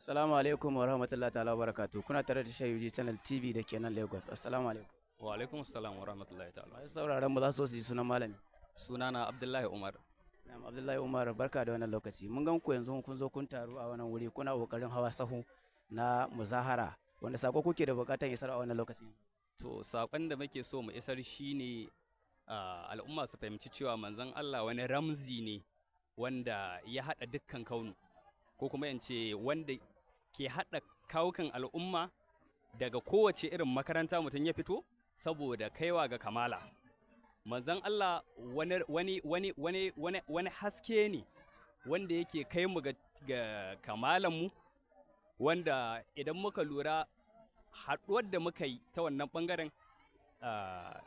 Assalamu alaikum wa rahmatullahi ta'ala wa barakatu. Kuna tare da Shayuji Channel TV da ke nan Lagos. Assalamu alaikum. Wa alaikum assalam wa rahmatullahi ta'ala. Mai sauraron mu za su ji sunan malami. Sunana Abdullahi Umar. Na'am Abdullahi Umar barka da wannan lokaci. Mun gan ku yanzu kun zo kun taru a wannan wuri kuna kokarin hawa sahu na muzahara wanda sako kuke da bukatar isar a wannan lokaci. To sakon da muke so mu isar shine al'umma su fahimci cewa manzon Allah wani ramzi ne wanda ya hada dukkan kaunu. ko kuma ce wanda ke haɗa kawukan al'umma daga kowace irin makaranta mutum ya fito saboda kaiwa ga kamala manzon Allah wani, haske ne wanda yake kai mu ga, ga kamalanmu wanda idan muka lura haɗuwar da muka yi ta wannan ɓangaren ah,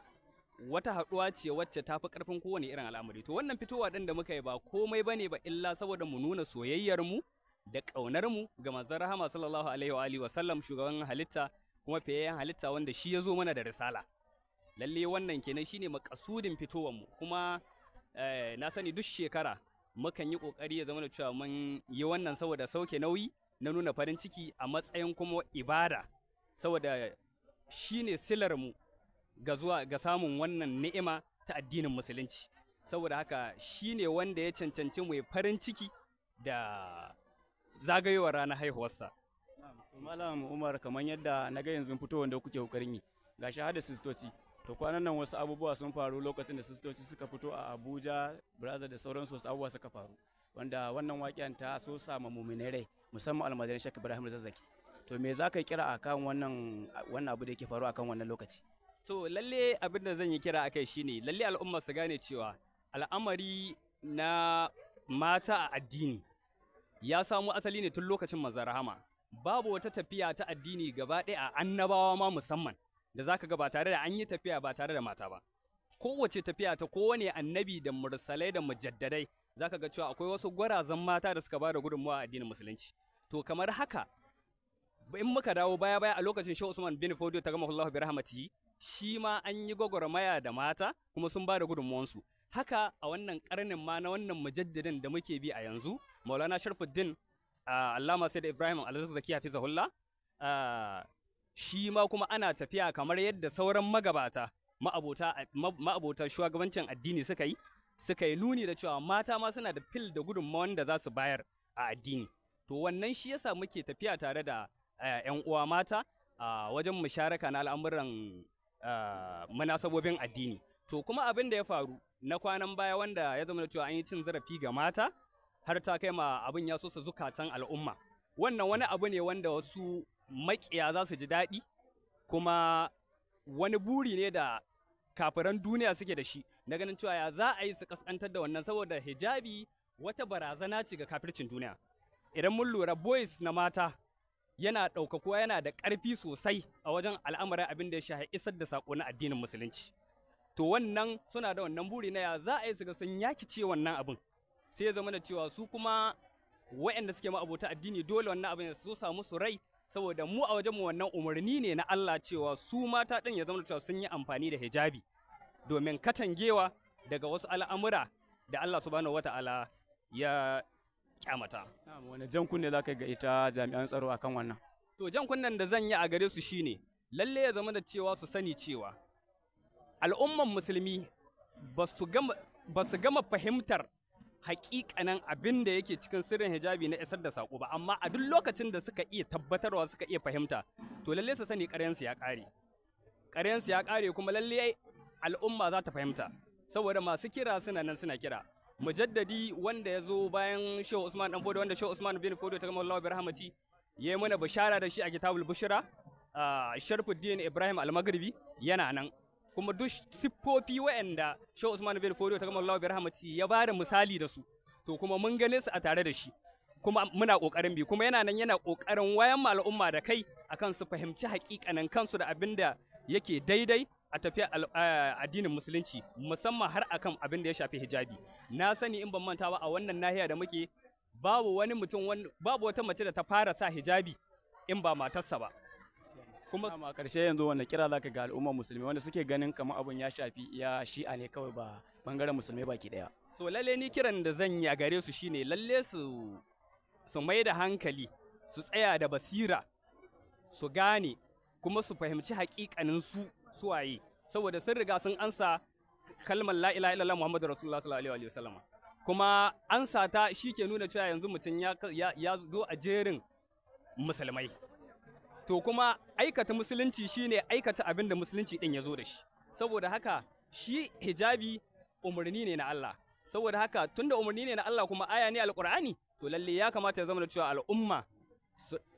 wata haɗuwa ce wacce ta fi ƙarfin kowane irin al'amari to wannan fitowa ɗin da muka yi ba komai ba ba illa saboda mu nuna soyayyar mu. da ƙaunar mu ga manzon rahama sallallahu alaihi wa alihi wa sallam shugaban halitta kuma fiyayyen halitta wanda shi ya zo mana da risala lalle wannan kenan shine makasudin fitowar mu kuma eh, na sani duk shekara mukan yi kokari ya zama da cewa mun yi wannan saboda sauke nauyi na nuna farin ciki a matsayin kuma ibada saboda shine silar mu ga zuwa ga samun wannan ni'ima ta addinin musulunci saboda haka shine wanda ya cancanci mu farin ciki da zagayowar ranar haihuwarsa. Malam Umar kamar yadda na ga yanzu fitowar da kuke kokarin yi ga shahada sistoci to kwanan nan wasu abubuwa sun faru lokacin da sistoci suka fito a Abuja Brazil da sauransu wasu abubuwa suka faru wanda wannan waƙiyan ta so sama muminai rai musamman almajirin Sheikh Ibrahim Zazzaki to me za ka kira akan wannan wannan abu da yake faru akan wannan lokaci to lalle abin da zan yi kira akai shine lalle al'umma su gane cewa al'amari na mata a addini ya samu asali ne tun lokacin mazarahama babu wata tafiya ta addini gaba ɗaya a annabawa ma musamman da zaka ga ba tare da an yi tafiya ba tare da mata ba kowace tafiya ta kowane annabi da mursalai da mujaddadai zaka ga cewa akwai wasu gwarazan mata da suka bada gudunmawa a addinin musulunci to kamar haka in muka dawo baya baya a lokacin Shehu Usman bin Fodio ta gama Allahu bi shi ma an yi gwagwarmaya da mata kuma sun bada gudunmawansu haka a wannan karnin ma na wannan mujaddadin da muke bi a yanzu maulana sharfuddin allama sai da ibrahim fi Zahulla, shi ma kuma ana tafiya kamar yadda sauran magabata ma'abota shugabancin addini suka yi suka yi nuni da cewa mata ma suna da fil da gudunmawan da za su bayar a addini to wannan shi yasa muke tafiya tare da 'yan uwa mata a wajen musharaka na al'amuran munasabobin addini to kuma abin da ya faru na kwanan baya wanda ya zama da cewa an yi cin zarafi ga mata har ta kai ma abin ya sosa zukatan al'umma wannan wani abu ne wanda wasu makiya za su ji daɗi kuma wani buri ne da kafiran duniya suke da shi na ganin cewa ya za a yi su kaskantar da wannan saboda hijabi wata barazana ce ga kafircin duniya idan mun lura boys na mata yana ɗaukakuwa yana da ƙarfi sosai a wajen al'amarin abin da ya shahi isar da saƙo na addinin musulunci to wannan suna da wannan buri na ya za a yi su ga sun ce wannan abin sai ya zama da cewa su kuma waɗanda suke ma'abota addini dole wannan abin su samu su rai saboda mu a wajenmu wannan umarni ne na Allah cewa su mata ɗin ya zama da cewa sun yi amfani da hijabi domin katangewa daga wasu al'amura da Allah subhanahu wata'ala ya kyamata. Wani jan kunne za ga ita jami'an tsaro akan wannan? To jan kunnen da zan yi a gare su shine lalle ya zama da cewa su sani cewa al'umman musulmi ba su gama fahimtar hakikanin abin da yake cikin sirrin hijabi na isar da sako ba amma a duk lokacin da suka iya tabbatarwa suka iya fahimta to lalle su sani ƙaryansu ya ƙare ƙaryansu ya kare kuma lalle al'umma za ta fahimta saboda masu kira suna nan suna kira mujaddadi wanda ya zo bayan shehu usman dan fodo wanda shehu usman bin fodo ta kamar bi rahmati ya yi mana bishara da shi a kitabul bushra ah, sharfuddin ibrahim almagribi yana nan kuma duk siffofi waɗanda Shehu Usman bin Fodio ta kamar Allah bi rahmati ya ba da misali da su to kuma mun gane su a tare da shi kuma muna kokarin bi kuma yana nan yana kokarin wayan ma al'umma da kai akan su fahimci hakikanin kansu da abin da yake daidai a tafiya addinin musulunci musamman har akan abin da ya shafi hijabi na sani in ban manta ba a wannan nahiya da muke babu wani mutum babu wata mace da ta fara sa hijabi in ba matarsa ba kuma a ƙarshe yanzu wanda kira za ka ga al'ummar musulmi wanda suke ganin kamar abin ya shafi ya shi'a ne kawai ba bangaren musulmi baki daya to lalle ni kiran da zan yi a gare su shine lalle su su mai da hankali su tsaya da basira su gane kuma su fahimci hakikanin su suwaye saboda sun riga sun ansa kalmar la ilaha illallah muhammadu rasulullah sallallahu alaihi wasallam kuma ansa ta shike nuna cewa yanzu mutum ya zo a jerin musulmai to kuma aikata musulunci shine aikata abin da musulunci din ya zo da shi saboda haka shi hijabi umarni ne na Allah saboda haka tunda umarni ne na Allah kuma aya ne alqur'ani to lalle ya kamata ya zama da cewa al'umma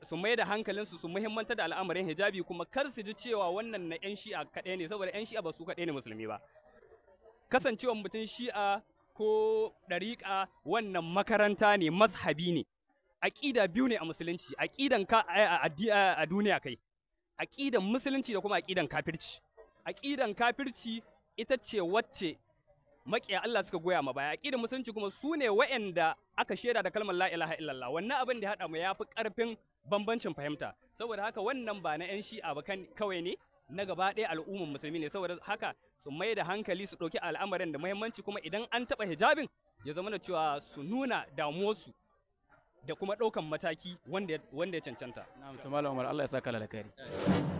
su mai da hankalinsu su muhimmanta da al'amarin hijabi kuma kar su ji cewa wannan na 'yan shi'a kaɗai ne saboda 'yan shi'a ba su kaɗai ne musulmi ba kasancewar mutum shi'a ko ɗariƙa wannan makaranta ne mazhabi ne aƙida biyu ne a musulunci aƙidan ka a duniya kai aƙidan musulunci da kuma aƙidan kafirci aƙidan kafirci ita ce wacce maƙiya Allah suka goya ma baya aƙidan musulunci kuma su ne wa'anda aka shaida da kalmar la ilaha illallah wannan abin da ya haɗa mu ya fi ƙarfin bambancin fahimta saboda haka wannan ba na 'yan shi'a ba kawai ne na gaba ɗaya al'ummar musulmi ne saboda haka su mai da hankali su ɗauki al'amarin da muhimmanci kuma idan an taɓa hijabin ya zama da cewa su nuna damuwarsu da kuma ɗaukan mataki wanda ya cancanta. Na'am, mutum Malam Umar Allah ya saka lalakari.